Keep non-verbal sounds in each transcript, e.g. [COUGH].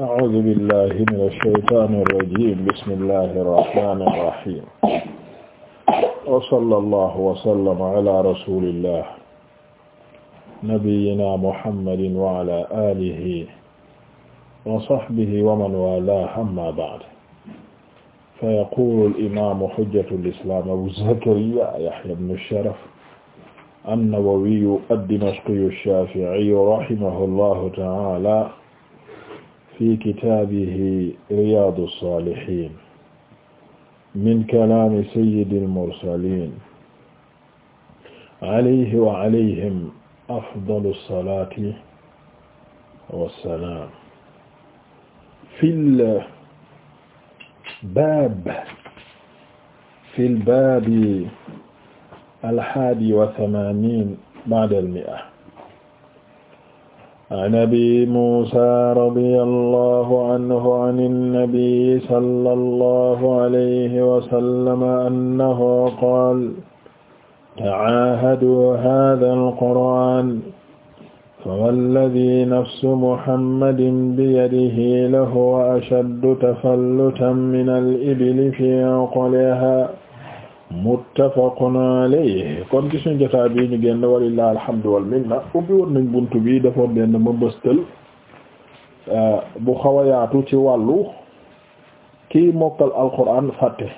أعوذ بالله من الشيطان الرجيم بسم الله الرحمن الرحيم وصلى الله وسلم على رسول الله نبينا محمد وعلى آله وصحبه ومن والاه أما بعد فيقول الإمام حجة الإسلام أبو زكريا يحيى بن الشرف النووي الدمشقي الشافعي رحمه الله تعالى fi kitaabihi riyaadu saalihiin min kalaami sayyidil mursaliin alayhi wa alayhim afdalu salaati wa salaam fil baab fil baabi al haadi wa thamaaniin ba'dal mi'a an abi muusa radiyallahu anhu an annabi sallallahu alayhi wa sallam annahu qaala ta'aahaduu haadha al-qur'aan fawalladhi nafsu muhammadin biyadihi lahuwa ashaddu tafallutan mina al-ibili fii 'uqalihaa muttafaqun alayhi kon ci suñu jotaay bi ñu génn walillahi alhamdu wal minna ubbi woon nañ bunt bi defoon benn mbëbëstal euh, bu xaw ci wàllu kii mokkal alquran fàtte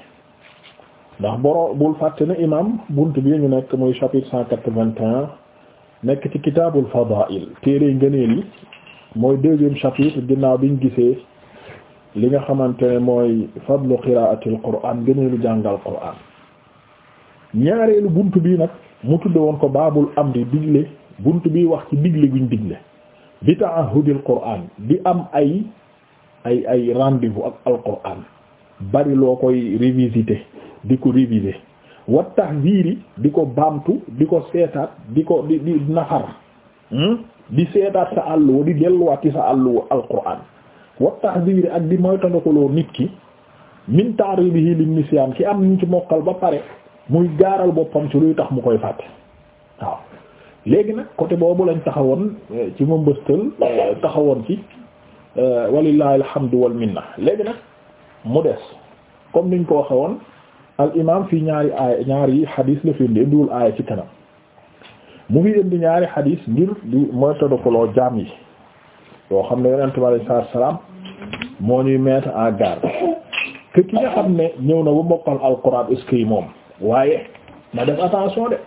ndax boro bul fàtte ne imam buntu bi ñu nekk muy chapitre cent nekk ci kitaabul fadaa'il téere ngëneel yi mooy deuxième chapitre ginnaaw ñu gisee li nga xamante ne mooy fadlu qira'atil quran ngëneelu jàngal quran ñaareelu bunt bii nag mu tudde woon ko baabul amri digle bunt bi wax ci digle guñ digle bi ta'ahudil qur'an di am ay ay ay rendez-vous ak alqur'an bari loo koy révisiter di ko réviser wa tahziri di ko baamtu di ko seetaat di ko di di nafar hmm? di seetaat sa àll wa di delluwaat ci sa àll wa alqur'an wa tahziri ak di moytandikuloo nit ki min ta'ridihi lin nisyan ki am ñu ci mokkal ba pare muy gaaral boppam ci luy tax mu koy fàtte waaw léegi nag côté boobu lañ taxawoon eh, ci ma mbëstal eh, taxawoon ci eh, walillahi alhamdu wal minna léegi nag mu des comme niñ ko waxe woon al imam fii ñaari aaya ñaari xadis la fi indi indiwul aaya ci kanam mu ngi indi ñaari xadis ngir di mooy toddakaloo jaam yi yoo xam ne yonente bi alayhi salaam moo ñuy mettre en garde que ki xam ne ñëw na ba mokkal alquran est-ce yi moom waaye na def attention de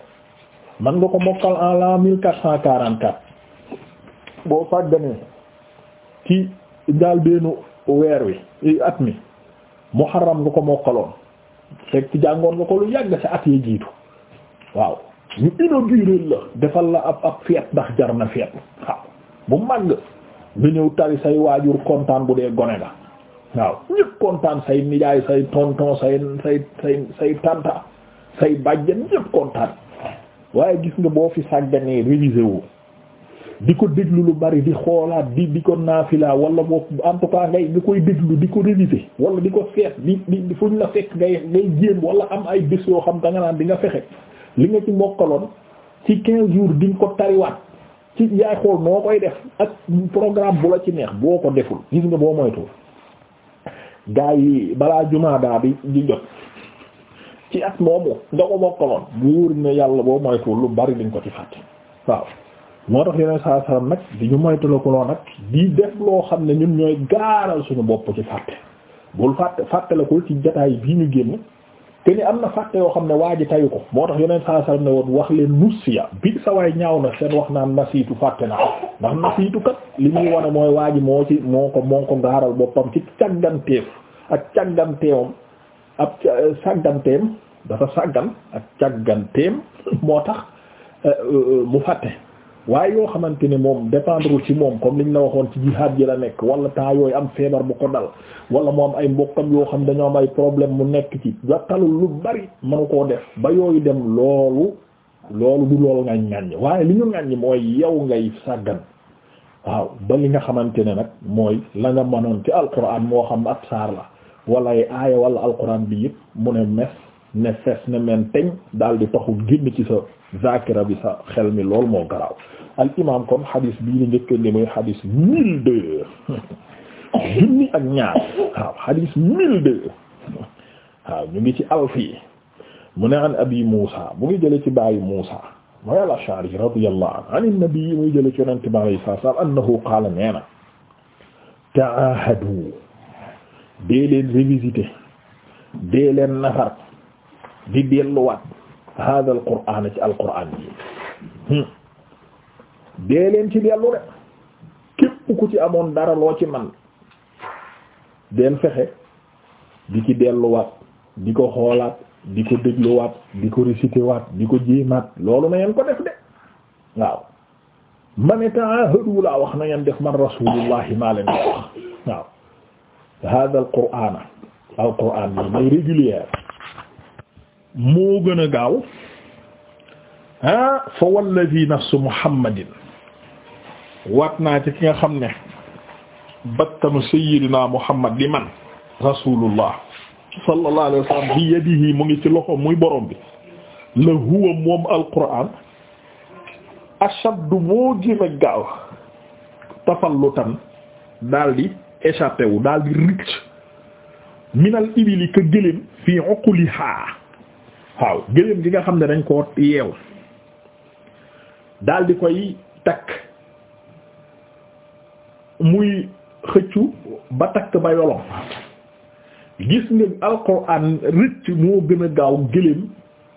man nga ko mokkal en l'an mille quatre cent quarante quatre boo fàgganee ci daal beenu weer wi at mi muharram nga ko mokkaloon fekk jàngoon nga ko lu yàgg sa at yi jiitu waaw ñu inaugurer la defal la ab ab fête ndax jar na fête waaw bu màgg nga ñëw tari say waajur kontaan bu dee gone la waaw ñëpp kontaan say nijaay say tonton say say say say tanta say bàjjen ñëpp kontaan waaye gis nga boo fi sàgganee révisé wu di ko déglu lu bari di xoolaat di di ko naafila wala boo en tout cas ngay di koy déglu di ko révisé wala di ko seet di di fuñ la fekk ngay ngay jéem wala am ay bés yoo xam da nga naan di nga fexe li nga ci mokkaloon ci quinze jours di nga ko tariwaat ci yaay xool noo koy def ak programme bu la ci neex boo ko deful gis nga boo moytu gaa yi balaa jumaa daa bi di jot ci at moomu nga ko mokkaloon buur ne yàlla boo moytuwul lu bari dañ ko ci fàtte waaw moo tax yeneen saa salaam nag di ñu moytu ko noonu nag di def loo xam ne ñun ñooy gaaral suñu bopp ci fàtte bul fàtte fàtte la ci jataay bii ñu génn te ni am na fàtte yoo xam ne waa ji tayu ko moo tax yeneen saa salaam ne woon wax leen nusiya bi sa waay ñaaw na seen wax naan nasiitu fàtte naa ndax nasiitu kat li muy wane mooy waa ji moo ci moo ko moo ko gaaral boppam ci càgganteef ak càgganteewam ab euh, sàgganteem dafa sàggan ak càgganteem [LAUGHS] moo tax euh, euh, mu fàtte waaye yoo xamante ne moom dépendre ci moom comme liñ la waxoon ci jihaad ji la nekk wala temps yooyu am feebar bu ko dal wala mu am ay mbokkam yoo xam dañoo am ay problème mu nekk ci jàttalul lu bari manu koo def ba yooyu dem loolu loolu du loolu ngañ waaye li ñu ngàññ mooy yow ngay sàggan waaw ba li nga xamante ne nag mooy la nga mënoon ci alquran moo xam ab saar la wala ay aaya wala alquran bi yëpp mu ne mes ne fes ne men teñ daal di taxu génn ci sa zakira bi sa xel mi lool moo garaaw al imam kon hadis bii la njëkk li muy hadis mille deux [LAUGHS] junni ak ñaar waaw hadis mille deux waaw ñu ngi ci alfi mu ne an abi Muusa mu ngi jële ci baayu Muusa mooy al-Ash'ari radiyallahu anhu an nabi muy jële ci yonente bi alayhi salaam annahu qaala nee na ta'aahadu dee leen revisité dee leen nafar di delluwaat hada al qur'aan ci al qur'aan ji hmm. dee leen ci dellu rek képp ku ci amoon dara loo ci man deel fexe di ci delluwaat di ko xoolaat di ko dégluwaat di ko récité di ko jéemaat loolu na ngeen ko def de waaw man ta'ahadu wax na ngeen def man rasuulullahi maa leen ko wax waaw hada al qur'aan al qur'aan yi may régulière moo gën a gaaw ah fa walladi nafsu muhammadin waat naa ci ki nga xam ne bakkanu sayyidina muhammad li man rasulullah sallallahu alayhi wa sallam bi yadihi mu ngi ci loxo muy borom bi la huwa moom alquran ashaddu moo gën a gaaw tafallutan daldi échappé wu daal di minal ibili ka gëléem fii uqulihaa waaw gëléem gi nga xam ne dañ koo yeew daal koy takk muy xëccu ba takk ba yolom gis nga alquran rëcc moo gën a gaaw gëléem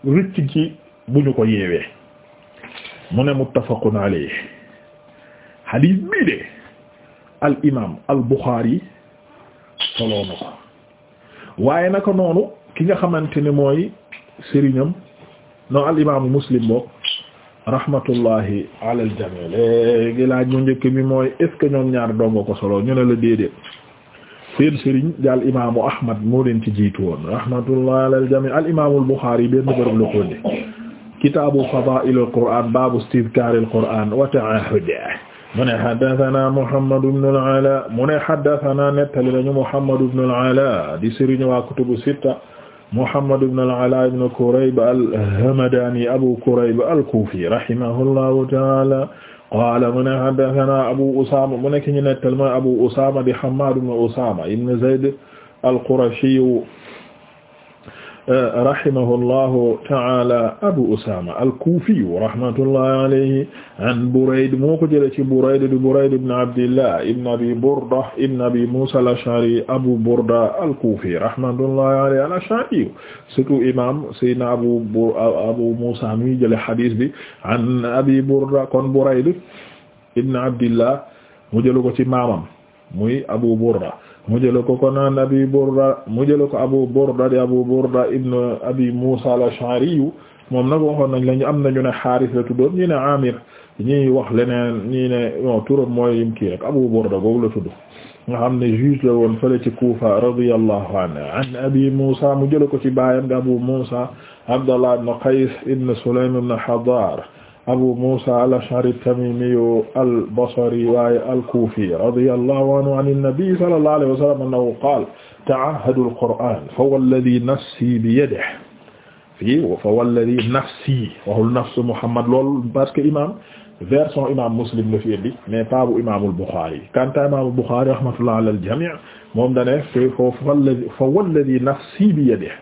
rëcc ci bu ñu ko yeewee mu ne muttafaqun alayhi hadith bii de al imaam al ko waaye naka noonu ki nga xamante ni mooy sëriñam non al imaamu Muslim bokk rahmatullahi ala al jamii mu njëkk mi mooy est ce que ñoom ñaar dongo ko solo ñu ne la déedéet seen sëriñ di al imaamu moo leen ci jiitu woon rahmatullahi ala al jamii al imaamul la ko kitaabu fadaa'il al Qur'aan baabu istizkaar al Qur'aan wa ta'aahud mu ne xaddatana Muhammad ibn al-Ala mu ne xaddatana nettali nañu Muhammad ibn al-Ala di sëriñ waa kutubu sitta Muhammad ibn al-Ala ibn Kurayb al-Hamadani Abu Kurayb al-Kufi rahimahullahu ta'ala qaala mu ne xaddatana Abu Usama mu nekk ñu nettali mooy Abu Usama di Hammad ibn Usama ibn Zayd al-Qurashi rahimahullahu ta'ala Abu Usama al-Kufi rahmatullahi alayhi an Burayd moo ko jëlee ci Burayd di Burayd ibn Abdillah ibn Abi Burda ibn Abi Musa al-Ash'ari Abu Burda al-Kufi rahmatullahi alayhi al-Ash'ari surtout imam Sayyidina Abu Abu Musa mi jëlee hadith bi an Abi Burda kon Burayd ibn Abdillah mu jëlu ko ci maamam muy Abu Burda mu jële ko kon an abi Burda mu jële ko Abu Burda di Abu Burda ibn abi Musa al-Ash'ari moom nag waxoon nañ lañu am nañu ne Haaris la tuddoon ñi ne Amir ñi wax leneen ñi ne non turam mooy yim kii rek Abu Burda googu la tudd nga xam ne juge la woon fële ci Kufa radiyallahu anhu an abi Musa mu jële ko ci baayam di Abu Musa Abdallah ibn Qays ibn Sulaym ibn Hadar abu musa al-ash'ari at-tamimi al-basri waaye al-kufi radiyallahu anhu an an-nabi sallallahu alayhi wa sallam annahu qaala ta'ahhadu al-qur'aan fawalladhi nafsi biyadihi fii fawalladhi nafsi waxul nafsu muhammad lool parce que imaam version imaam muslim la fi indi mais pas bu imaamul buxaari kanta imaamul buxaari rahmatullah ala al-jamii' moom da ne fawalladhi nafsi biyadihi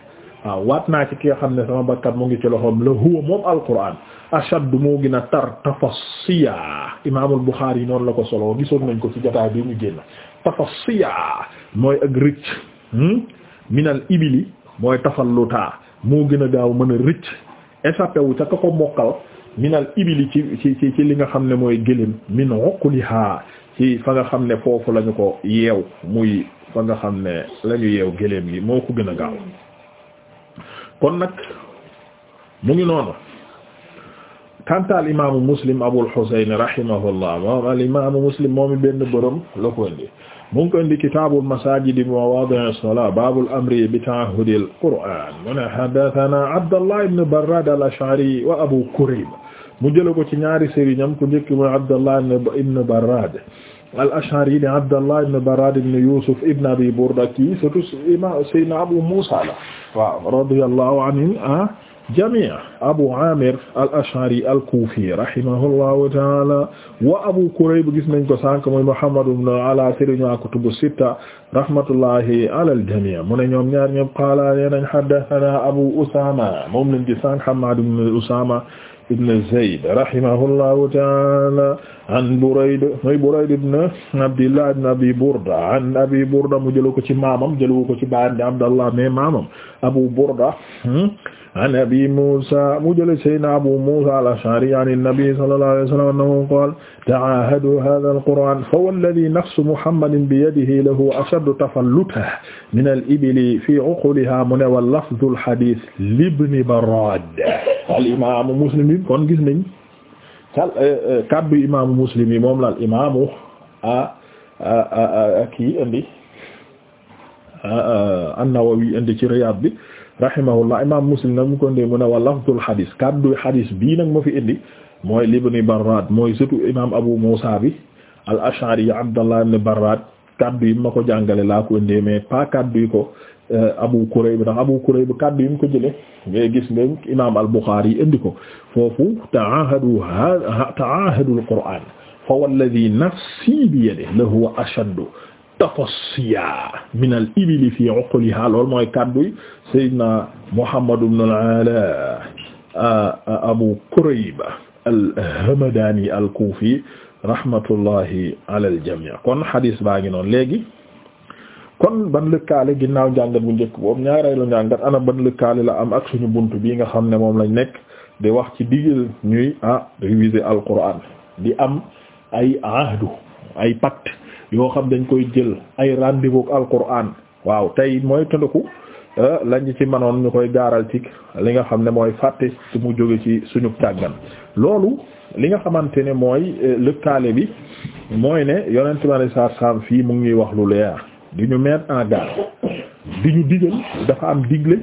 waaw waat naa ci ki nga xam ne sama bakkat mu ngi ci loxoom la huwa moom al-qur'aan ashaddu moo gën a tar tafassiya imaamul yi noonu la ko soloo gisoon nañ ko ci jotaay bi ñu génn tafassiya mooy ak rëcc hmm? minal ibili mooy tafallutaa moo gën a gaaw mën a rëcc échappé wu ca ka ko mokkal minal ibili ci ci li nga xam ne mooy gëléem min uqlihaa ci fa nga xam ne foofu lañu ko yeew muy fa nga xam ne lañu yeew gëléem gi moo ko gën a gaaw kon nag mu ngi noonu kanta al imaamu muslim Abul Husayn rahimahullah moom al imaamu muslim moom benn borom la ko indi mu ngi ko indi kitaabul masaajidi mawaadi'i salaa baabul amri bi ta'ahhudil qur'aan mu ne haddathanaa Abdallah ibn Barraad al-Ash'ari wa Abu Kurayb mu jëlee ko ci ñaari sëriñam ku njëkk mooy Abdallah ibn Barraad al-Ash'ari di Abdallah ibn Barraad ibn Yuusuf ibn Abi Burda kii surtout imaam Sayyidina Abu Muusaa la waaw radiyallahu anhu ah. jami' Abu Amir al-Ash'ari al-Kufi rahimahullahu ta'ala wa Abu Kurayb gis nañ ko sànq mooy Muhammad ibn Ala sëriñ wa kutubu sitta rahmatullahi ala al-jami' mu ne ñoom ñaar ñoom qaala lana haddathana Abu Usama moom lañ ci sànq Hammad ibn Usama ibn Zayd rahimahullahu ta'ala an Burayd mooy Burayd ibn Abdillah ibn Abi Burda an Abi Burda mu jëlu ko ci maamam jëlu ko ci baayam di Abdallah mais maamam Abu Burda hmm? an Abi Musa mu jëlu Seydina Abu Musa al-Ash'ari an an-Nabi sallallahu alayhi wa sallam annahu qaala ta'aahadu haadha al-Qur'aan fawalladhi nafsu Muhammadin biyadihi lahu ashaddu tafallutan min al-ibli fii uqulihaa mu ne wa lafdhu al-hadiith li Ibn Barraad al-imaam Muslim kon gis nañ cal eh, eh, kaddu imaamu muslim yi moom laal imaamu a kii indi an-Nawawi indi ci Riyaad bi rahimahullah imaam muslim nag mu ko ndee mu ne wa lafdul xadis kaddu xadis bii nag ma fi indi mooy libni Barrad mooy surtout imaam Abu Muusa bi al-Ash'ari Abdallah ibn Barrad kaddu yi ma ko jàngale laa ko indee mais pas kaddu yi ko euh, Abu Kurayb ndax Abu Kurayb kaddu yi mu ko jëlee ngay gis nga imaam yi indi ko foofu ta'ahadu ta'ahadu al-Qur'an fa walladhi nafsi bi yadihi la huwa ashaddu tafassiya min al fi uqliha loolu mooy kaddu yi na Muhammad ibn al-Ala euh, Abu Kurayb al-Hamadani al-Kufi rahmatullahi ala al-jami' kon hadis baa ngi noon léegi kon ban lëkkaale ginnaaw njàngat bu njëkk boobu ñaareelu njàngat ana ban lëkkaale la am ak suñu bunt bii nga xam ne moom lañ nekk di wax ci digal ñuy ah réviser al-Qur'an di am ay ahdu ay pacte yoo xam dañ koy jël ay rendez al-Qur'an waaw tey mooy tëndaku Euh, lañ ci manoon ñu koy gaaral ci li nga xam ne mooy fàtte su mu jóge ci suñu tàggan loolu li nga xamante ne mooy euh, lëkkaale bi mooy ne yonent ma sar sam fii mu ngi wax lu leer di ñu mettre en garde di ñu digal dafa am digle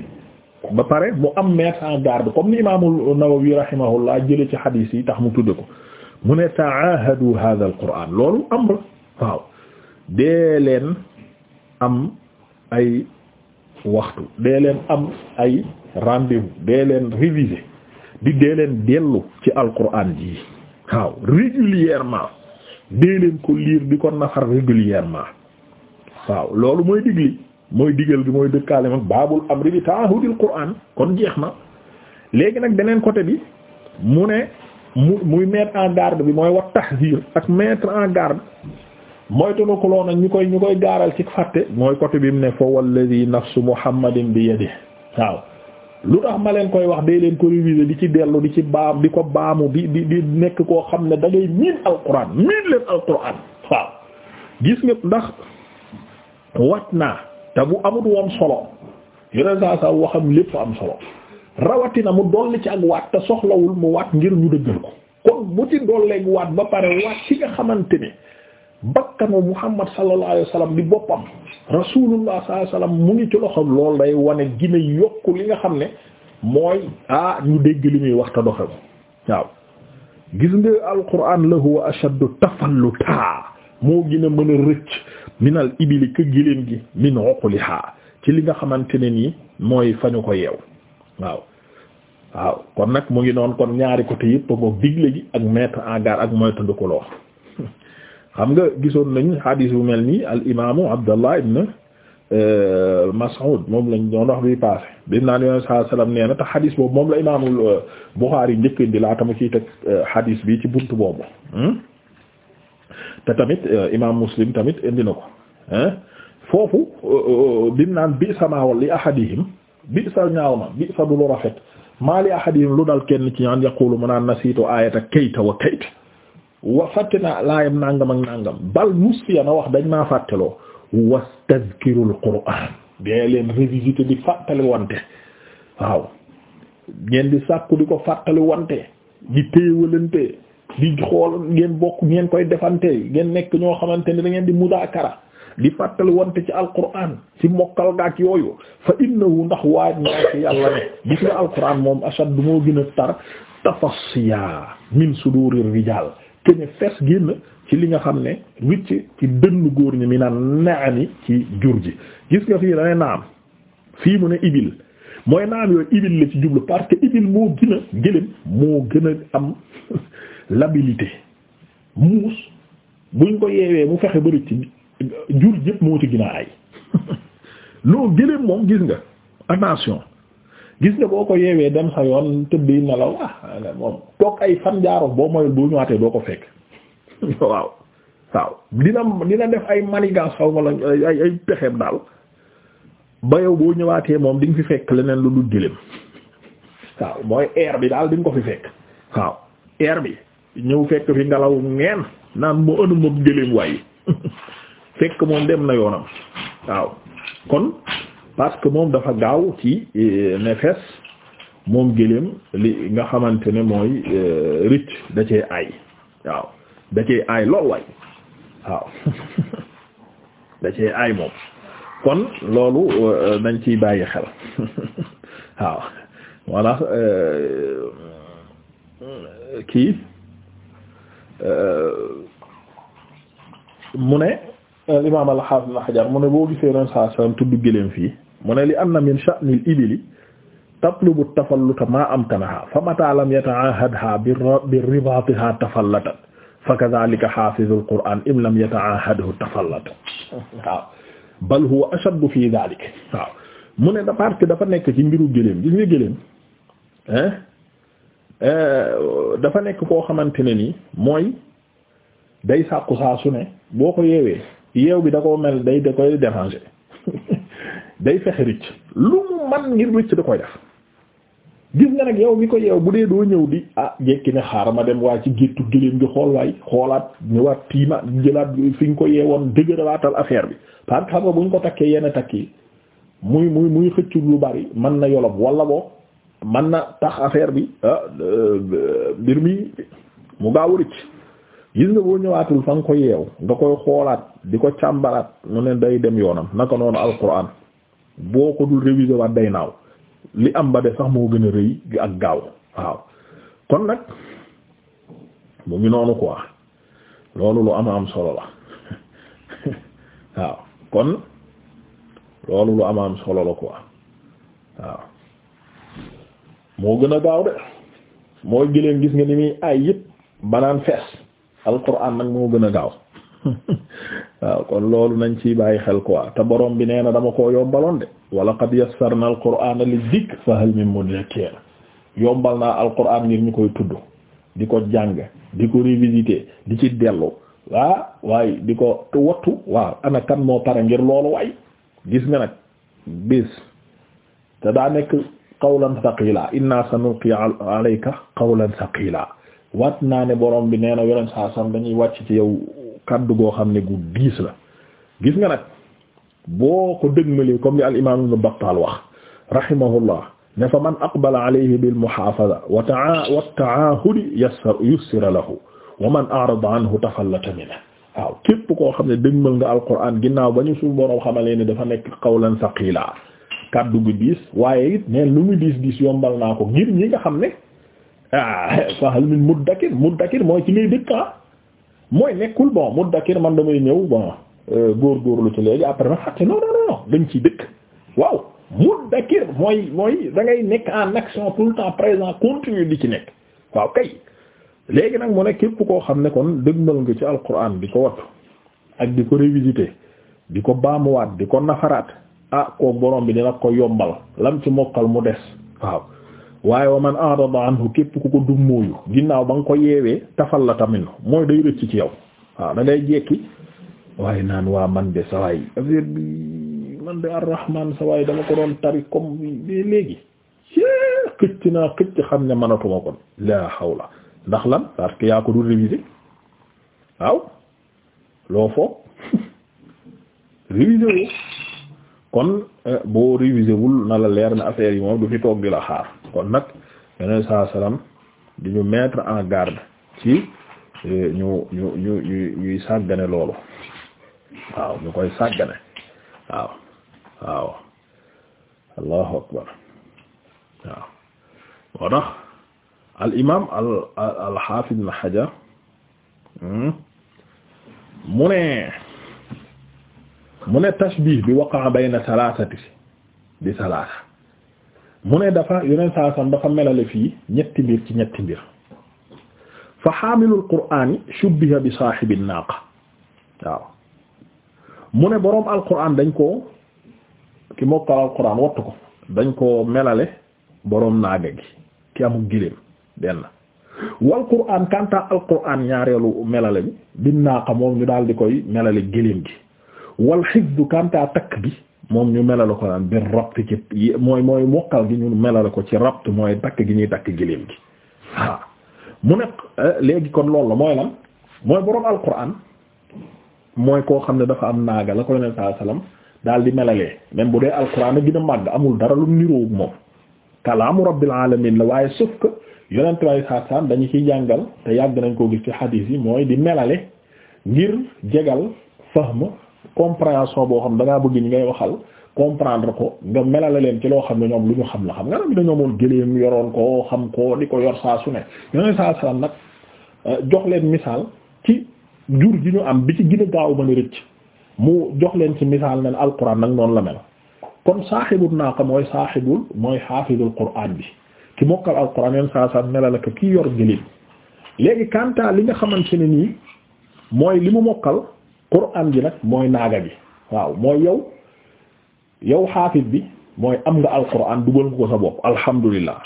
ba pare mu am mettre en garde comme ni imaamul Nawawi rahimahullah jële ci hadis yi tax mu tudde ko mu ne ta'ahadu hadha al-Qur'an loolu am waaw dee leen am ay waxtu dee leen am ay rendez-vous dee leen réviser di dee leen dellu ci alquran ji waaw régulièrement dee leen ko lire di ko nafar régulièrement waaw loolu mooy digli mooy digal gi mooy dëkkaale mag baabul amri bi taahudil quran kon jeex na léegi nag beneen côté bi mu ne mu muy mettre en garde bi mooy wax tahzir ak mettre en garde moytu na ko loona ñu koy ñu koy gaaral ci fàtte mooy côté bi mu ne fa walladi nafsu muhammadin bi yadihi waaw lu tax ma leen koy wax day leen ko réviser di ci dellu di ci baam di ko baamu di di nekk koo xam ne da ngay miin alquran miin leen alquran waaw gis nga ndax wat naa te bu amut woon solo yeneen saa saa waxam lépp am solo rawatina mu dolli ci ak waat te soxlawul mu waat ngir ñu dëggal ko kon bu ci dolleeg waat ba pare waat ci nga xamante ne bakkanu Muhammad sallallahu alayhi wa sallam bi boppam rasulullah sallallahu alayhi wa mu ngi ci loxoom loolu day wane gina yokk li nga xam ne mooy ah ñu dégg li muy wax te doxe ko waaw gis nga alquran la huwa ashaddu tafalluta moo gën a mën a rëcc minal ibili ka giléem gi min uqliha ci li nga xamante ne nii mooy fañu ko yeew waaw waaw kon nag mu ngi noonu kon ñaari côté yëpp a ngoog digle gi ak metre en garde ak moytandiku loo xam nga gisoon nañ hadis bu mel nii al imaamu Abdallah ibn euh, Mas'ud moom lañ doon wax bi passé bi naan yoon salaam nee na te boobu moom la imaamul euh, Bukhari njëkk indi laata mu ciy teg hadis euh, bii ci buntu boobu. Hmm? te tamit imaam Muslim tamit indi na ko foofu bim naan bi samaawal li ahadihim bi sa ñaaw na bi sa du lu rafet maa li ahadihim lu dal kenn ci ñaan yaqulu mu naan nasiitu aayata kayta wa kayta. wa fàtte naa laayam nangam ak nangam bal musfiya na wax dañ maa fàttaloo wastazkirul qur'aan dee leen révisité di fàttali wante waaw ngeen di sàkku di ko fàttali wante di téewalante di xool ngeen bokk ngeen koy defante ngeen nekk ñoo xamante ne dangeen ngeen di mudaakara di fàttali wante ci alquran ci mokkal gaak yooyu fa innahu ndax waaj naa ci yàlla ne gis nga alquran moom ashad moo gën a tar tafassiya min sudurir rijal que ne fes génn ci li nga xam ne wicc ci dënn góor ñi mi na naani ci jur ji gis nga fii dane naam fii mu ne ibil mooy naam yooyu ibil la ci jublu parce que ibil moo gën a moo gën a am [LAUGHS] labilité muus buñ ko yeewee mu fexe bari ci jur jëpp moo ci gën a ay [LAUGHS] loo moom gis nga attention gis nga boo ko yeewee dem sa yoon tëbbi na la waa moom toog ay fan jaaroo boo moyul boo ñëwaatee boo ko fekk [LAUGHS] waaw waaw dina dina def ay manigance xaw ma la ay ay pexeem daal ba boo ñëwaatee moom di fi fekk leneen lu dul gëléem [LAUGHS] waaw mooy air bi daal di ko fi fekk waaw air bi ñëw fekk fi ngelaw ngeen naan moo ëndu moom gëléem waaye [LAUGHS] fekk moom dem na yoonam waaw kon parce que moom dafa gaaw ci e, nefes moom gëléem li nga xamante ne mooy e, ricc da cee waaw da cee aay lool waay waaw [LAUGHS] da cee moom kon loolu dañ e, ciy bàyyi xel [LAUGHS] waaw voilà kii mu ne al imaam al-Haafiz Ibn Hajar mu ne boo gisee ren saa saa tudd gëléem fii mu ne li anna min sha'nil ibili tatlubu tafalluta ma amkanaha fa mata lam yata'ahadha bi ribaatiha tafallata fa kadhalika haafizul qur'aan in lam yata'ahadhu tafallata waaw bal huwa ashaddu fi dhalik mu ne parce que dafa nekk ci mbiru gëléem gis nga eh, dafa nekk koo xamante ne nii mooy day sàkku saa ne boo ko yeewee yeew bi da ko mel day da koy déranger [LAUGHS] day fexe rëcc lu mu man ngir rëcc da koy def gis nga nag yow ngi ko yeew bu dee doo ñëw di ah jekki ne xaaral ma dem waaye ci géttu géléem gi xool waay xoolaat ñëwaat tiima jëlaat fi nga ko yeewoon dëgëralaatal affaire bi parce que ko takkee yenn takk yi muy muy muy xëccu bari mën na yolob wala boo mën na tax affaire bi ah, euh, mbir mi mu gaaw a rëcc gis nga boo ko yeew nga koy xoolaat di ko càmbaraat mu ne day dem yoonam naka noonu alquran boo ko dul réviser waat day naaw li am ba de sax moo gën a rëy ak gaaw waaw kon nag mu ngi noonu quoi loolu lu ama am solo la [LAUGHS] waaw kon loolu lu solo la quoi waaw moo gën a gaaw de mooy gëléem gis nga ni muy ay yëpp banaan fees alquran nag moo gën a gaaw [LAUGHS] waaw kon loolu nañ ci bàyyi xel quoi te borom bi nee na dama koo yombaloon de wala qad yassarna alqur'ana lidhikr fa hal min mudakkir yombal naa alqur'an ngir ñu koy tudd di ko jàng di ko revisiter di ci dellu waa waay di ko waxtu waaw ana kan moo pare ngir loolu waay gis nga bis te daa nekk qawlan thaqila inna sanulqi alayka qawlan thaqila wat naa ne borom bi nee na yoren saa sam dañuy wàcc ci yow kaddu goo xam ne gu diis la gis nga nag boo ko dëgmalee comme li al imam ibn Battal wax rahimahullah ne fa man aqbala alayhi bil muhafaza wa taa wa taahudi yassar yussira lahu wa man a'rada anhu tafallata minhu waaw képp koo xam ne dëgmal nga alquran ginnaaw ba ñu suñu borom ne dafa nekk qawlan saqila kaddu gu diis waaye it neen lu mu diis diis yombal naa ko ngir ñi nga xam ne ah min muddakir muddakir mooy ci ngay dëkk ah. mooy nekkul bon muddakir man damay ñëw bon euh, góorgóorlu ci léegi après ma fàtte non non non dañ ciy dëkk waaw muddakir mooy mooy da ngay nekk en action tout le temps présent continue di ci nekk waaw kay léegi nag mu ne képp koo xam ne kon dëgmal nga ci al alquran di ko wattu ak di ko révisiter di ko baamuwaat di ko nafaraat ah kook borom bi dina ko yombal lam ci mokkal mu des waaw waaye wa man a'rada anhu képp ku ko dummóoyu ginnaaw ba nga ko yeewee tafal la tamit mooy day rëcc ci yow waaw da ngay jekki waaye naan waa man de sawaay affaire man de arrahman sawaay dama ko doon tari comme bi léegi xëcc xam ne mënatuma kon laa la ndax lan parce yaa ko du réviser waaw loo foog [LAUGHS] réviser wu kon euh, boo réviser wul na la leer na affaire yi moom du fi toog di la xaar kon nag yeneen saa salaam di ñu mettre en garde ci euh, ñu ñu ñu ñuy sàggane loolu waaw ñu koy sàggane waaw waaw allahu akbar waaw moo tax al imaam al al xaafid na xajar hmm, mu ne mu ne tashbiih bi waqaa bayna salaasati bi salaasa mu ne dafa yeneen saa sam dafa melale fii ñetti mbir ci ñetti mbir fa xaamilul qur'aani shubbiha bi saaxibi naaqa waaw mu ne boroom alqur'aan dañ koo ki mokkal alqur'aan wattu ko dañ koo melale boroom naaga gi ki amul giléem benn wal qur'aan kanta alqur'aan ñaareelu melale bi bi naaqa moom ñu daal di koy melale giléem gi wal xifdu takk bi moom ñu melal ko naan bi rabt ci mooy mooy mokkal gi ñu melal ko ci rabt mooy takk gi ñuy takk giléem gi waaw mu ne eh, léegi kon loolu la mooy lan mooy boroom alquran mooy koo xam ne dafa am naaga la ko yonent saa daal di melalee même bu dee alquran a gën a màgg amul dara lu niroo moom kalaamu rabbil alamin la waaye sauf que yonent waaye saa salaam dañu ci jàngal te yàgg nañ koo gis ci hadith yi mooy di melale ngir jegal fahma compréhension boo xam da ngaa bëgg ñi ngay waxal comprendre ko nga melale leen ci loo xam ne ñoom lu ñu xam la xam nga nag dañoo moon gëléem yoroon ko xam koo di ko yor saa su ne yoneen saa salaam nag euh, jox leen misaal ci jur gi ñu am bi ci gën gaaw mën a rëcc mu jox leen ci misaal nen alquran nag noonu la mel kon saaxibul naaqa mooy saaxibul mooy xaafizul quraan bi ki mokkal alquran yoneen saa salaam melale ko ki yor gëléem léegi kanta li nga xamante ne nii mooy li mu qur'an gi nag mooy naaga bi waaw mooy yow yow xaafis bi mooy am nga alquran dugal nga ko sa bopp alhamdulilah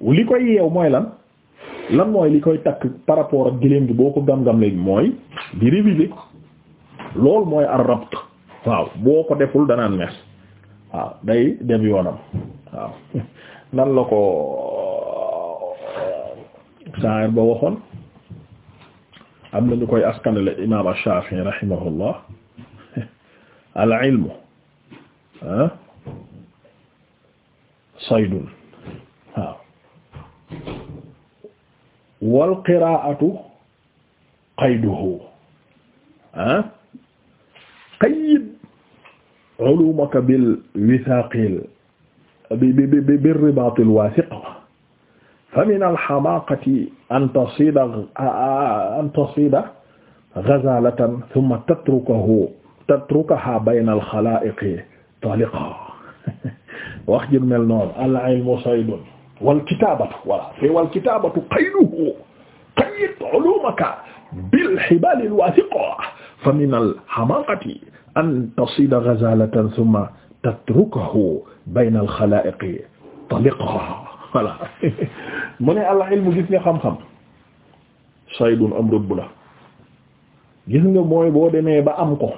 li koy yeew mooy lan lan mooy li koy takk par rapport ak giléem gi boo ko gam-gam léegi mooy di réviser loolu mooy ar-rabt waaw boo ko deful danaan mes waaw day dem yoonam waaw [LAUGHS] nan la ko euh, saar ba waxoon am na ñu koy askanale imaam Ash-Shafi'i rahimahullah al-ilmu ah saydun waaw wal qiraa'atu qayduhu ah qayyid ulumaka bil withaaqil bi bi bi bi ribaatil waasiq [LAUGHS] fa min alxamaqati an tasida an tasida ghazalatan thumma tatrukahu tatrukaha bayna alxalaiqi taliqa wax jël mel noonu al ilmu saydun wal kitaabatu voilà te wal kitaabatu qayduhu qayyid ulumaka bil hibaal al waathiqa fa min al hamaaqati an tasida ghazalatan thumma tatrukahu bayna al xalaa'iqi taliqa voilà [LAUGHS] mu ne al ilmu gis nga xam-xam saydun am rëbb la gis nga mooy boo demee ba am ko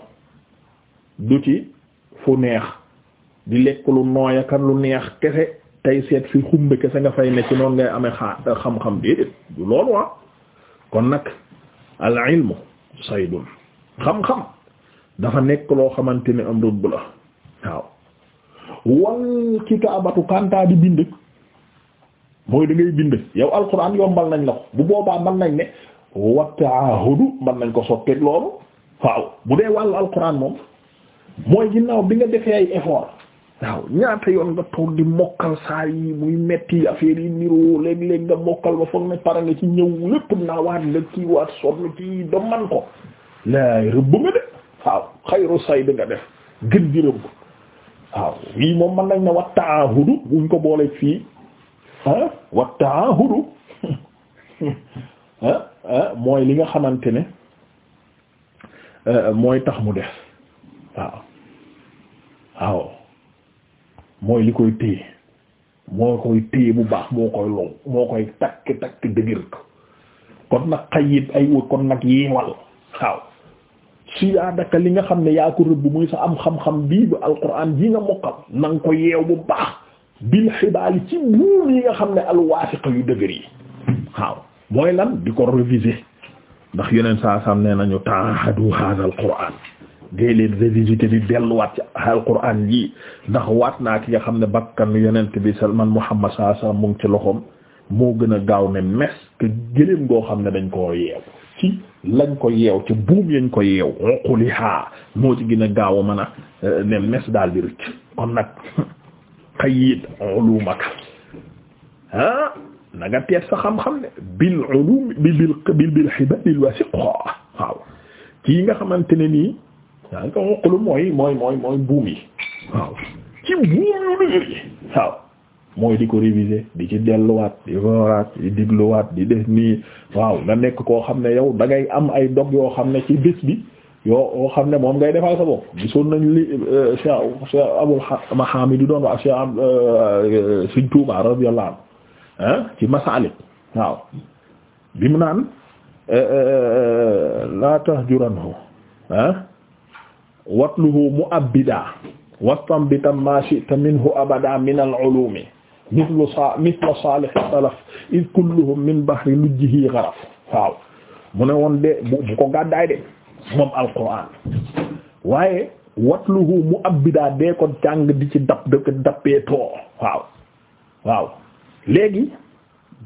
du ci fu neex di lekk lu nooy ak lu neex kese tey seet fi xumbe kese nga fay ne ci noonu ngay amee xaa xam-xam déedéet du loolu waa ah. kon nag al ilmu saydun xam-xam dafa nekk loo xamante ne am rëbb la waaw wal kitaabatu kantaa di bind mooy da ngay bind yow alquran yombal nañ la ko bu boobaa mën nañ ne wa ta'ahudu mën nañ ko soppeek loolu waaw bu dee wàllu alquran moom mooy ginnaaw bi nga defee ay effort waaw ñaata yoon nga toog di mokkal saa yi muy metti affaire yi niroo léeg-léeg nga mokkal ba foog ne pare nga ci ñëw lépp naawaat nga kii waat sonn kii da man ko laay rëbb nga de waaw xayru sayd nga def gën di rëbb waaw lii moom mën nañ ne wa ta'ahudu buñ ko booleeg fii wa ta'ahudu [LAUGHS] mooy li nga xamante ne euh, mooy tax mu def waaw waaw mooy li koy téye moo koy téye bu baax moo koy long moo koy takk takk dëgër ko kon nag xayit ay wut kon nag yeewal waaw si yaa daka li nga xam ne yaa ko rëbb muy sa am xam-xam bii bu alquran ji nga mokkal na ko yeew bu baax bil xibaali ci buum yi nga xam ne alwaasiq yu dëgër yi waaw mooy lan di ko réviser ndax yeneen saa sam nee nañu taahadu hadha al quran day leen revisité di delluwaat ci al quran yi ndax waat naa ki nga xam ne bakkan yonent bi salman muhammad saa sallam mu ngi ci loxoom moo gën a gaaw ne mes que gëléem goo xam ne dañ ko yeew ci lañ ko yeew ci buum yañ ko yeew woquli haa moo ci gën a gaaw a mën a eh, ne mes daal di rëcc kon nag [LAUGHS] qayyid ulumaka ah na nga teet sa xam-xam ne bil ulum bi bil bil bil xibalil waaw kii nga xamante ne nii daa nga woqalu mooy mooy mooy mooy buum yi waaw ci buum yi waaw mooy di ko réviser di ci delluwaat di wooraat di digluwaat di def nii waaw nga nekk koo xam ne yow dangay am ay dog yoo xam ne ci bés bi yoo xam ne moom ngay de sa bopp gisoon nañ li euh, Cheikh Cheikh Abul Mahamid di doon wax Cheikh am Sëriñ Tuubaa ci Masaalik waaw bi mu naan euh, euh, la tahjuranhu watluhu mu'abbida wastanbitan ma shi'ta minhu abada min al-ulumi mithlu sa mithlu salih salaf id min bahri lujjihi gharaf waaw mu ne de bu ko gàddaay moom alquran waaye watluhu mu ab bidaa dee kon jàng di ci dab dëkk dappee too waaw waaw léegi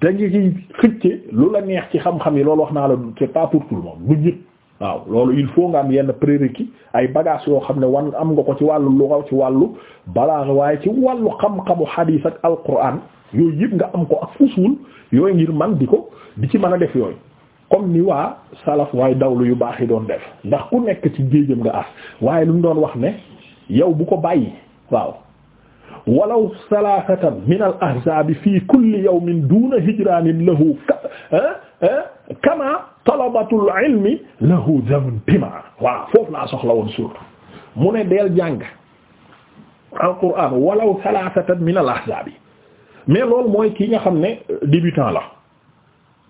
dañu ci xëcce lu la neex ci xam-xam yi loolu wax naa la c'est pas pour tout le monde ñëpp waaw loolu il faut nga am yenn prérequis ay bagages yoo xam ne wan am nga ko ci wàllu luga ci wàllu balaaga waaye ci wàllu xam-xamu xadiis ak alquran yooyu yëpp nga am ko ak usul yooyu ngir man di ko di ci mën a def yooyu comme ni waa salaf waaye dawlu yu baax yi doon def ndax ku nekk ci géejëm nga af waaye lu mu doon wax ne yow bu ko bàyyi waaw walaw salaasatan min al ahzaabi fii kulli yawmin duuna hijraanin lahu eh, eh, kama talabatul ilmi lahu zamun tima waaw foofu laa soxla woon surtout mu ne deel jàng alquran walaw salaasatan min al ahzaabi mais loolu mooy kii nga xam ne débutant la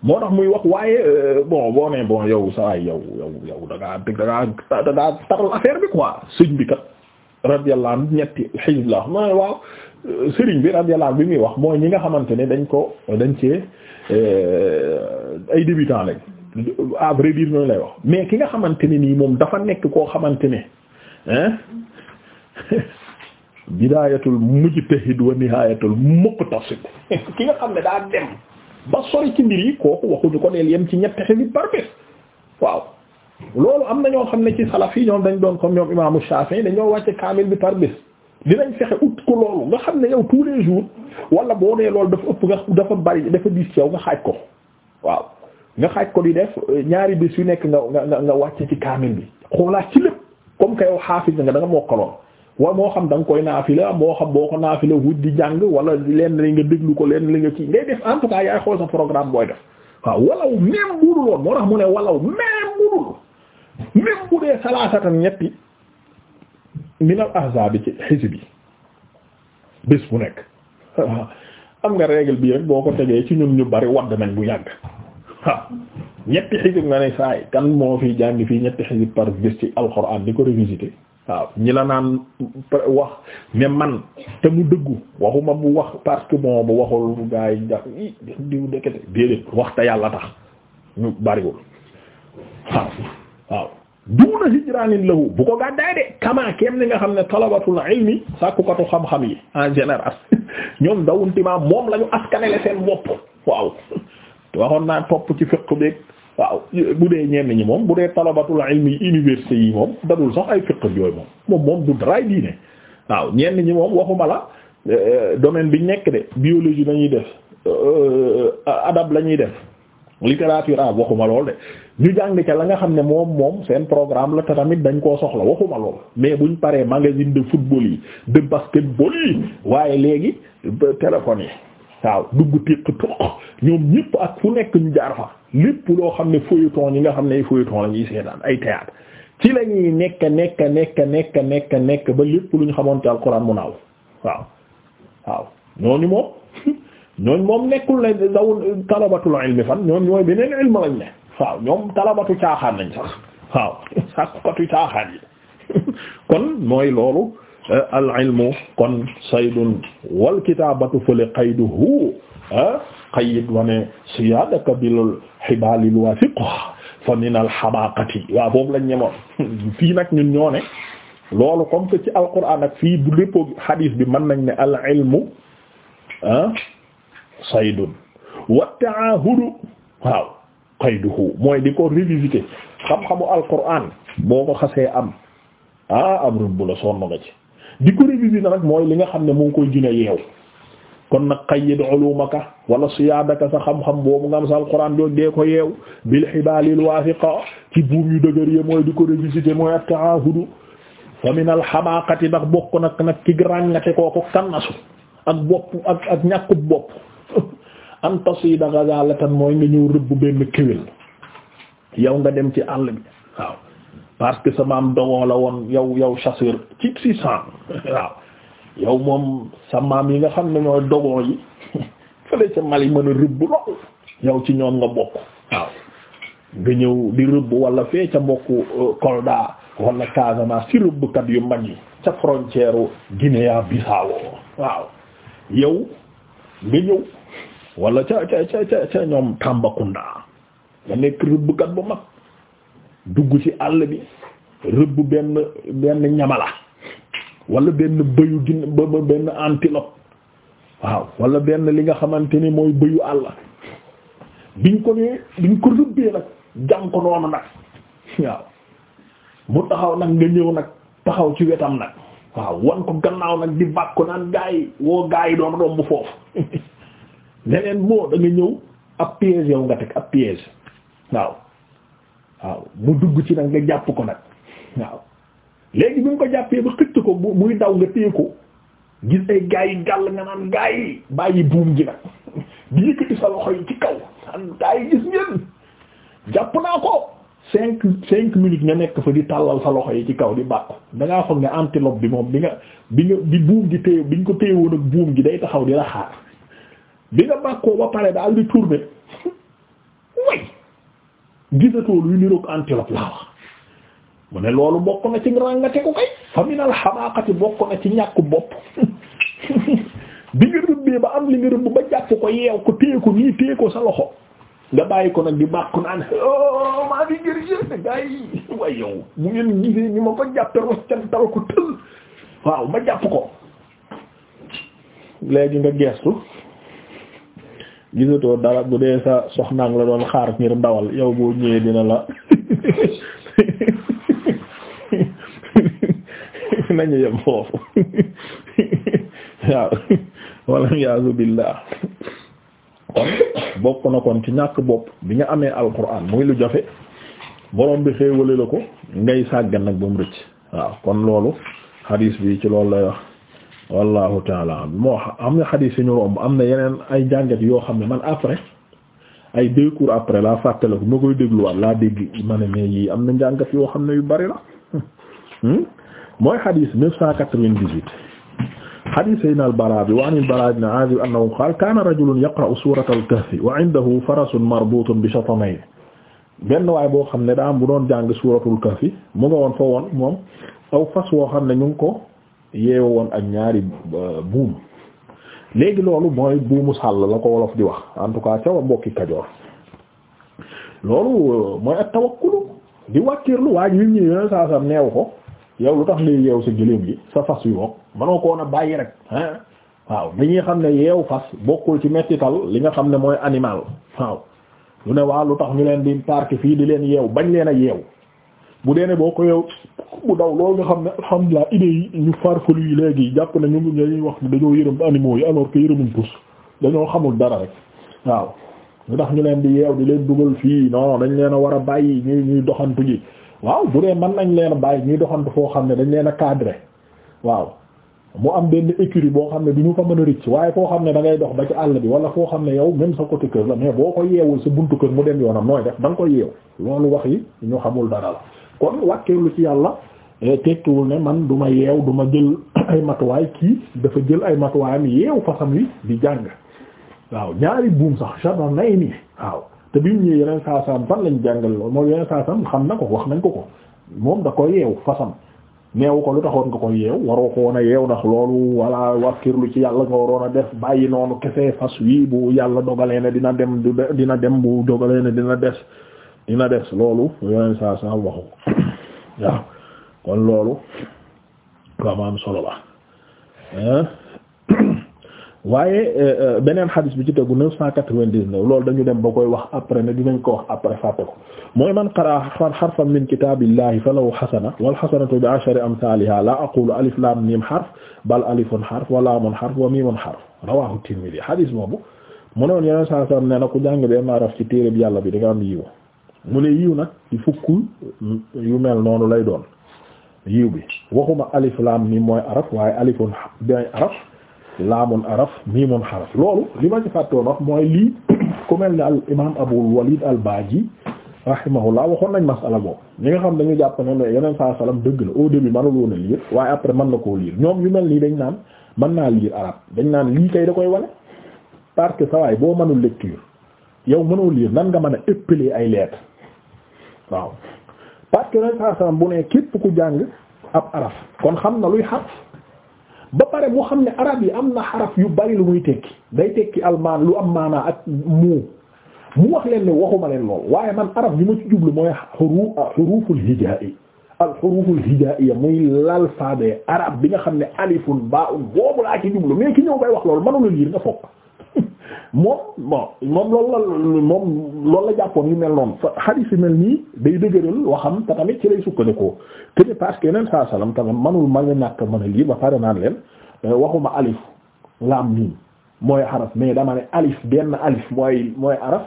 moo tax muy wax waaye euh, bon boo ne bon yow saa yow yow yow da ngaa dëgg da ngaa da ngaa taral affaire bi quoi sëñ bi kat radiyallahu anhu ñetti xisb la ma ne waaw euh, sëriñ bi radiyallahu bi muy wax mooy ñi nga xamante ne dañ ko dañ cee euh, ay débutants lañ à vrai dire lay wax mais ki nga xamante ne nii moom dafa nekk koo xamante ne hein [LAUGHS] bidaayatul mujtahid wa nihayatul muqtasid [LAUGHS] ki nga xam ne daa dem. ba sori ci mbir yi kooku waxuñu ko deel yem ci ñett xadis par bés waaw loolu am na ñoo xam ne ci salaf yi ñoom dañ doon comme ñoom imaamu Shafi'i dañoo wàcce kaamil bi par bés dinañ fexe ut ko loolu nga xam ne yow tous les jours wala boo nee loolu dafa ëpp nga dafa bari dafa diis ci yow nga xaaj ko waaw nga xaaj ko di def ñaari bés yu nekk nga nga nga wàcce ci kaamil bi xoolaat ci lépp comme que yow xaafis nga da nga mokkaloon wa moo xam da nga koy naafila moo xam boo ko naafila wut di jàng wala leen li nga déglu ko leen li nga kii ngay def en tout cas yaay xool sa programme booy def waaw walaw même budul woon moo tax mu ne walaw même budul même bu dee salaasatan ñetti minal ahzaab bi ci xisib yi bés bu nekk [LAUGHS] am nga règle bii rek boo ko tegee ci ñun ñu bari wadd nañ bu yàgg waaw ñetti xisib nga ne saay kan moo fi jàng fii ñetti xisib par bés ci alxuraan di ko revisiter waaw ñi la naan wax ne man te mu dëggu waxuma mu wax parce que bon bu waxul gaa yi njax i diw dekkete déedéet wax te yàlla tax ñu bariwul waaw waaw duuna hijranin lahu bu ko gàddaay de kama kem ni nga xam ne talabatul ilmi sàkkukatu xam-xam yi en général [LAUGHS] ñoom dawuntimaa moom la ñu askanele seen bopp waaw waxoon naa topp ci fiqh beek waaw bu dee ñenn ñi moom bu dee talabatul ilmi université yi moom dadul sox ay fiqh yooyu moom moom moom du daraay diine waaw ñenn ñi moom waxuma la euh, domaine bi nekk de biologie lañuy def euh, adab la ñuy def littérature arabe ah, waxuma lool de ñu jàng ca la nga xam ne moom moom seen programme la te tamit dañ koo soxla waxuma lool mais buñ paree magazine de football yi de basketball yi waaye léegi téléphone yi waaw dugg tiq tuq ñoom ñëpp ak fu nekk ñu jaar fa lépp loo xam ne feuilleton yi nga xam ne ay feuilleton la ñuy seetaan ay théâtre ci la ñuy nekk nekk nekk nekk nekk nekk ba lépp lu ñu xamoon ci alxuraan mu naaw waaw waaw ñooñu moom [LAUGHS] ñooñ moom nekkul ne daw talabatul ilmi fan ñoom ñooy beneen ilm lañ ne waaw ñoom talabatu caaxaan nañ sax waaw [LAUGHS] sàkkukatu caaxaan yi [LAUGHS] kon mooy loolu Eh, al ilmu kon saydun wal kitaabatu fële qayduhu eh, qayyid wa ne siyaadaka bil hibaalil waathiqa fa min al hamaaqati waaw foofu lañ ñemoon [LAUGHS] fii nag ñun ñoo ne loolu comme que ci alquran ak bu lépp hadith bi mën nañ ne al ilmu ah saydun wa ta'aahudu waaw qayduhu mooy di ko revisiter xam-xamu alquran boo ko xasee am ah am rëbb la sonn nga ci. di ko réviser nag mooy li nga xam ne moo ngi koy gën a yeew kon nag qayyid ulumaka wala siyaadaka sa xam-xam boobu nga am sa alquran jooju dee ko yeew bil xibalil waasiqa ci buum yu dëgër yi mooy di ko révisiter mooy at-ta'ahudu fa min ndax bokk nag ci ràngate kooku kannasu ak bopp ak ak ñàkkub bopp [LAUGHS] an tasida ghazalatan mooy nga ñëw rëbb benn kéwél yow nga dem ci àll bi waaw parce que sa maam dogoo la woon yow yow chasseur ci six cent waaw yow moom sa maam yi nga xam ne ñooy dogoo yi [LAUGHS] fële sa Mali mën a rëbb lool yow ci ñoom nga bokk waaw nga ñëw di rëbb wala fee ca mbokku euh, Kolda wala Casamance ci rëbbkat yu mag yi ca frontière Guinea Bissau waaw yow nga ñëw wala ca ca ca ñoom Tambacounda nga nekk rëbbkat bu mag dugg ci àll bi rëbb benn benn ñamala wala benn bëyu gin benn antilope waaw wala benn li nga xamante ni mooy bëyu àll biñ ko nee biñ ko rëbbee nag jàng ko noonu nag waaw mu taxaw nag nga ñëw nag taxaw ci wetam nag waaw wan ko gannaaw nag di bàkku naan gaa yi woo gaa yi romb foofu [LAUGHS] ne moo da ñëw ab piège yow nga teg ab piège waaw waaw mu dugg ci nag nga jàpp ko nag waaw léegi bi mu ko jàppee ba xëcc ko muy daw nga téye ko gis ay gaa yi gàll nga naan gaa bàyyi buum gi nag [LAUGHS] di yëkkati sa loxo yi ci kaw ko cinq cinq minutes nga nekk fa di tàllal sa loxo yi ci kaw di bàkku da ngaa foog ne bi moom bi nga bi nga bi buum gi téye bi nga ko téye woon ak buum gi day taxaw di la xaar bi nga bàkkoo ba pare daal di tourner gisatoo luy niroog antilope laa wax mu ne loolu bokk na ci nga ko kay faminal xamaaqati bokk na ci ñàkk bopp [LAUGHS] bi nga rëbbee ba am li nga rëbb ba jàpp ko yeew ko téye ko nii téye ko sa loxo nga bàyyi ko nag di bàq naan oh, maa ngi ngir yéen yi [LAUGHS] waaye ñu ma ko jàpp te roccantal ko tël waaw ma jàpp ko léegi nga geestu gisatoo dara bu dee sa soxnaang la doon xaar ngir ndawal yow boo ñëwee dina la [LAUGHS] nañu yem foofu [LAUGHS] waaw walla yaasu billah bokk na kon ci ñàkk bopp bi nga amee alquran muy lu jafe borom bi xéewale la ko ngay sàggan nag ba mu rëcc waaw kon loolu hadis bi ci loolu lay wax wallahu taala moo xam nga xadiis yi ñu romb am na yeneen ay jàngat yoo xam ne man après ay deux après laa fàttale ko ma koy dégluwaat laa dégg ma ne mais am na njàngat yoo xam ne yu bari la hmm? mooy xadiis neuf cent quatre-vingt-dix-huit xadiis sayyidina al-Baraa bi wa an al-Baraa ibn Aazib annahu qaala kaana rajulun yaqra'u suurata al-kahfi wa indahu farasun marbuutun bi shatamayni benn waay boo xam ne daa am bu doon jàng suuratul kahfi mu nga woon fa woon moom aw fas woo xam ne ñu ngi ko yeew woon ak ñaari euh, buum léegi loolu mooy buumu sàll la ko wolof di wax en tout cas ca wa mbokki kajoor loolu euh, mooy ak tawakkulu di wàkkirlu waaye ñun ñi yoneen saa sam neew ko yow lu tax li yeew si gëléem gi sa fas yu woog manoo ko a bàyyi rek ah waaw dañuy xam ne yeew fas bokkul ci mettital li nga xam ne mooy animal waaw lu ne waa lu tax ñu leen di park fii di leen yeew bañ leen a yeew bu dee ne boo ko yow bu daw loolu nga xam ne alhamdulilah idées yi ñu farfalu yi léegi jàpp nañu ñu ngi ñuy wax dañoo yërëm animaux yi alors que yërëmuñ tous dañoo xamul dara rek waaw lu tax ñu di yeew di leen dugal fii non dañ leen a war a bàyyi ñuy doxantu ji waaw bu dee mën nañ leen a bàyyi ñuy doxantu foo xam ne dañu leen a cadré waaw mu am benn écurie boo xam ne du ñu fa mën a rëcc waaye foo xam ne da ngay dox ba ci àll bi wala foo xam ne yow même sa côté kër la mais boo ko yeewul sa buntu kër mu dem yoonam nooy def da nga ko yeew loolu wax yi ñu xamul dara la kon wàkkeelu ci yàlla eh, tekkiwul ne man du ma yeew du ma jël [COUGHS] ay matuwaay kii dafa jël ay matuwaayam yeew fasam wi di jàng waaw ñaari buum sax genre nay nii waaw te bi mu yeneen saa saam lañ jàngal lool mooy yeneen saa saam xam na ko wax ko ko moom ko yeew fasam neewu ko lu taxoon nga ko yeew waroo ko woon yeew ndax loolu walla wàkkirlu ci yàlla nga waroon a def bàyyi noonu kese fas wi bu yàlla dogalee ne dina dem dina dem bu dogalee ne dina des dina des loolu yeneen saa saam waxu waaw kon loolu dama am solo la [COUGHS] waaye euh, euh, beneen xadis bi ci tegu neuf cent quatre-vingt-dix-neuf loolu dañu dem ba koy wax après ne dinañ ko wax après fàtte ko mooy man qara xarfan min kitaabillahi falahu xasana wal xasanatu bi ashri amthaliha la aqulu alif lam mim xarf bal alifun xarf wa laamun xarf wa miimun xarf rawahu tirmidhi xadis boobu mu ne saa saa ne na ku jàng benn araf ci téere bi yàlla bi da nga am yiw mu ne yiw nag ci fukk yu mel noonu lay doon yiw bi waxuma alif laam mi mooy araf waaye alifun day araf laamun araf miimun xaraf loolu li ma ci fàttoon wax mooy lii [COUGHS] ku mel ne al imaam abul walid al baaji rahimahullah waxoon nañ masala boobu ñi nga xam dañu jàpp ne mais yeneen saa salaam dëgg la au début mënul woon liir waaye après man na koo liir ñoom yu mel nii dañ naan mën naa liir arab dañ naan lii kay da koy wane parce sa waay boo manul lecture yow mënoo liir nan nga mën a épeler ay lettres waaw parce que ren saa salaam bu ne képp ku jàng ab araf kon xam na luy xaraf ba pare mu xam ne arab yi am na xarab yu bari lu muy tekki day tekki almaan lu am maanaa ak mu mu wax leen ne waxuma leen lool waaye man arab yi ma ci jublu mooy xuru xuruful hijaa'i al xuruful hijaa'iyya muy l'alphabet arabe bi nga xam ne alifun baa'un boobu laa ci jublu mais ki ñëw bay wax loolu mënu la lire nga fokk. moom bon moom loolu la moom loolu la jàppoon yu mel noonu fa xadis yu mel nii day dëgëral waxam te tamit ci lay sukkandikoo te ne parce que yeneen saa salaam tamit manul ma nga ñàkk mën a lii ba pare naan leen euh, waxuma alif laam miim mooy xaraf mais dama ne alif benn alif mooy mooy araf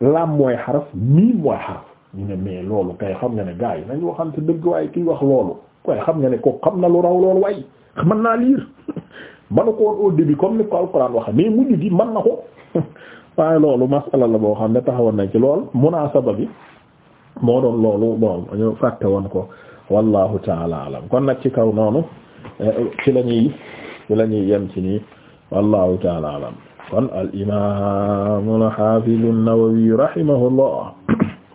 laam mooy xaraf miim mooy xaraf ñu ne mais loolu kay xam nga ne gars yi nañu waxante dëgg waaye kiy wax loolu koy xam nga ne ko xam na lu raw loolu way mën naa liir [LAUGHS] manu ko woon au début comme ni ko alxuraan waxe mais mujj gi man na ko waaye loolu masala la boo xam ne taxawoon nañ ci lool munaasaba bi moo doon loolu bon ñu fàtte woon ko wallahu taala alam kon nag ci kaw noonu ci la ñuy ci la ñuy yem ci nii wallahu taala alam kon al imam al hafiz an-Nawawi rahimahullah